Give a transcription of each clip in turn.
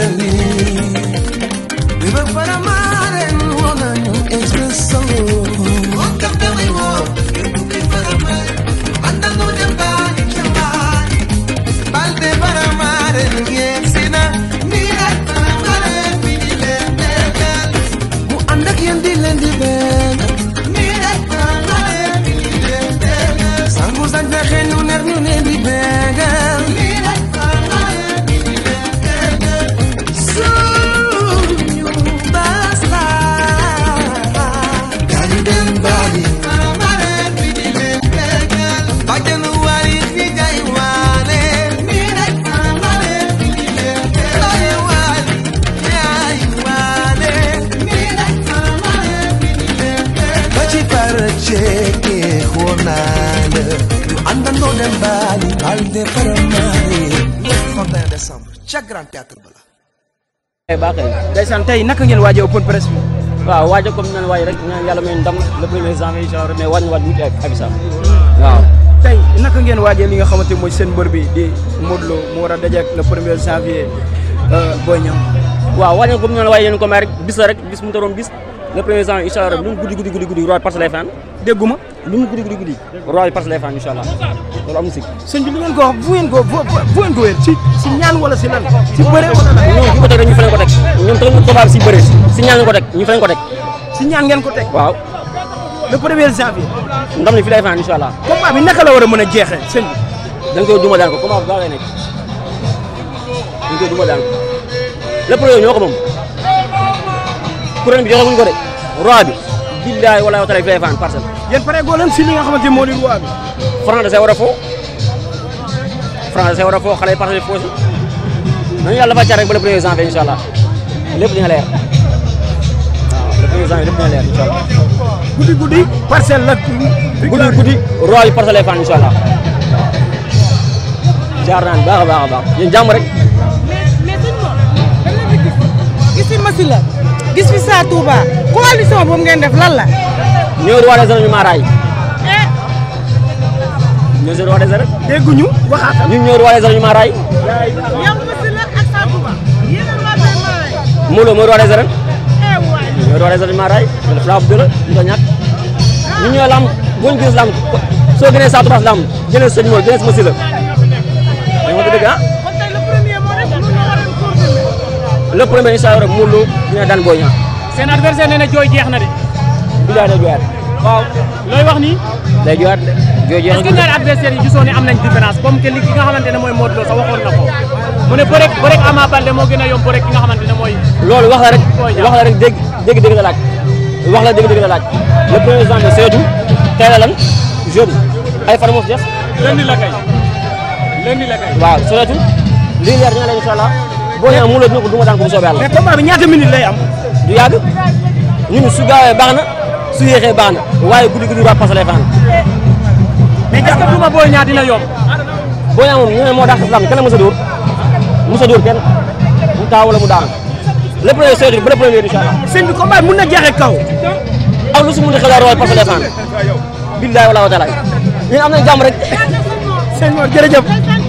ni baali baal de faramaare le ca Grand Théâtre bala baax ndeysaan tey naka ngeen waajee open press bi waaw waajo comme nan waaj rek ñaan yàlla may ndam le premier janvier genre mais waaj waaj wuute ak Abissa waaw hmm. tey naka ngeen waajee li nga xamante mooy seen mbër bi di Modou Lo mu war a daje ak le premier janvier euh, Boy Niang waaw waajal comme nan waaj yéen ko may bis la rek mu taroon bis le premier janvier incha allah lu mu guddi guddi guddi guddi roi parce que lay fan dégguma lu mu guddi guddi guddi roi bi parce que lay faan incha allah loolu amul si sëñ ngeen ko wax bu ngeen ko bu ngeen ko wér si si ñaan wala si lan si bëre ko teg ñu fa ko teg ngeen ko teg ñu fa ko teg si ñaan ngeen ko teg waaw le premier janvier ndam ni fi lay faan incha allah bi naka la war a mën a jeexee sëñ bi dañ koy duma daan ko combat bi gaaw lay nekk dañ koy duma ko le premier ñoo ko moom couronne bi ko de roi billaay walaay wa taala fi lay fanaan parcelle. yéen pare goo leen si li nga xamante ne moo di roi bi. Franc da see war a foo Franc da see war a foo xale yi parcelle foo si nañu yàlla dafa jar rek ba le premier janvier incha allah lépp dina leer waaw le premier janvier lépp dina leer incha allah. guddi guddi parcelle la. guddi guddi roi bi parcelle lay fanaan a baax rek. mais Masila gis fi Sa Touba. coalition boobu ngeen def lan la. ñoo roi des arènes ñu maaraay. Eh? ñoo si roi des arènes. dégguñu waxaat ñun ñoo roi des arènes ñu maaraay. yow monsieur le ak Sa Touba yéen a roi des maaraay. Mawlo mooy roi des eh, arènes. ñoo roi des arènes ñu maaraay. def laa bëgg la ñu ko ñàkk. Ah. ñun ñoo lamb buñ gis lamb soo gënee Sa Touba lamb jëlee sëñ Mawlo jëlee sama si la. da nga ko dégg ah. le premier incha allah rek Mawlo dina daan Boy Niang seen adversaire nee na jooy jeex na de. bilaay day jooyaat. waaw looy wax nii. day jooyaat de jooy jeex na. est-ce que ñaari adversaire yi gisoo ne am nañ différence comme que li ki nga xamante ne mooy Modou Lo sax waxoon na ko mu ne bërek bërek Ama Baldé moo gën a yomb bërek ki nga xamante ne mooy. loolu wax la rek wax la rek dégg dégg dégg nga laaj wax la dégg dégg nga laaj le premier janvier seetu teel a lan jeudi ay fan moo fi def. lundi la kay lundi la kay. waaw seetu lii leer ñu ne la incha allah boo ñëwee mu la dina ko duma daan ko bu soobee yàlla. mais combat bi ñaata minutes lay am. du yàgg ñun su gaawee baax na su yéexee baax na waaye guddi guddi waa Paso lay fanaan. mais est-ce que duma Boy Niang dina yomb. Boy Niang moom ñu ne moo dàq si làmb kenn mës a dóor mës a dóor kenn mu taa wala mu daan le premier seetlu ba le premier incha allah. sëñ bi combat mun na jeexee kaw. aw lu su mun a xelal rooy Paso lay fanaan. billahi wala wa taala ñun am nañu jàmm rek. sëñ bi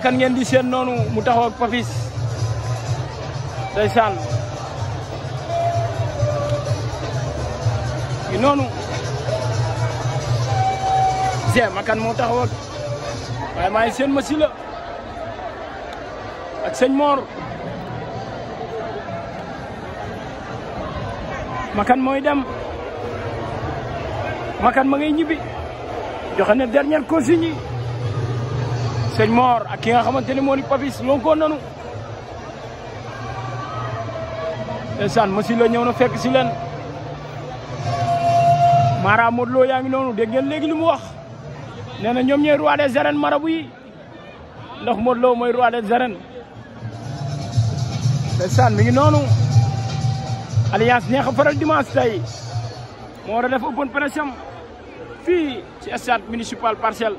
bakkan ngeen di seen noonu mu taxaw ak Papis ndeysaan gi noonu Zé Makan moo taxaw ak waaye maa ngi seen ma si la ak sëñ Mor Makan mooy dem Makan ma ngay ñibbi joxe na dernière consigne yi sëñ Mor ak ki nga xamante ni moo di Papis lonkoon nanu ndeysaan masi ñëw na fekk si leen Mara Modou yaa ngi noonu dégg ngeen léegi lu mu wax nee na ñoom ñooy roi des mara marabu yi ndax Modou Lo mooy roi des arènes mi ngi noonu alliance neex a faral dimanche tey moo def open press fii ci stade municipal Parcelles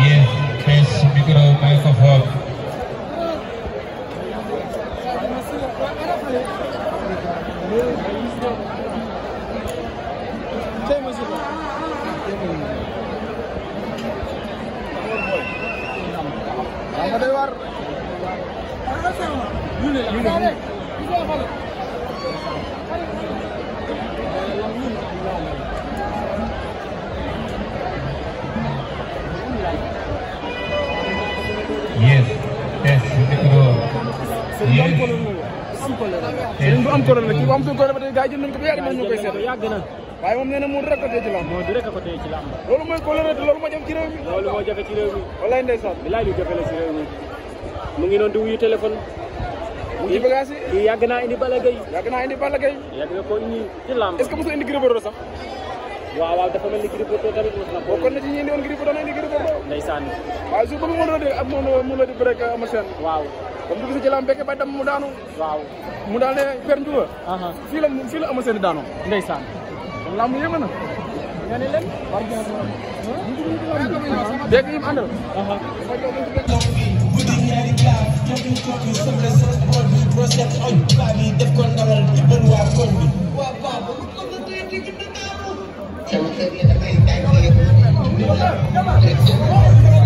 Yes, yes, micro microphone. am bu am kóllëre la kii bu am kóllëre ba tey gars yi jël nañ ko ba yàgg na ñu koy seet yàgg na waaye moom nee na moo di récolté ci lamb moo di récolté ci lamb loolu mooy kóllëre te loolu moo jafe ci réew mi loolu moo jafe ci réew mi wallaay ndeysaan bilaay lu jafe la ci réew mi mu ngi noonu di wuyu téléphone mu ci bagage yi kii yàgg naa indi Balla Gaye yàgg naa indi Balla Gaye yàgg na ko indi ci lamb est-ce que mos a indi Gris Bordeaux sax waaw waaw dafa mel ni Gris Bordeaux tamit mos na bokkoon na ci ñi indi woon Gris Bordeaux na indi Gris Bordeaux ndeysaan waaw jour ba mu mën a ak moom mu la di break ama seen waaw comme du gis jëlaam mu daanu waaw mu daal per njuga fii la fii la ama seen daanoo ndeysaan lamb yéeme na nga ne leen dégg ñim àndal ñu kooku soble sa bool bi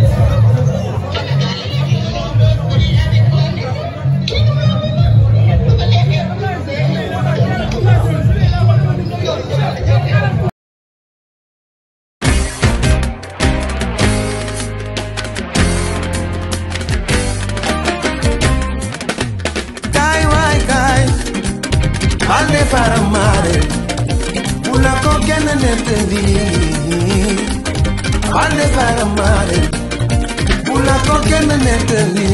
faramaare bu la ko kenn nettali bande faramaare bu la ko kenn nettali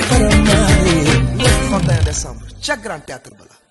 le 31 décembre ca Grand Théâtre bala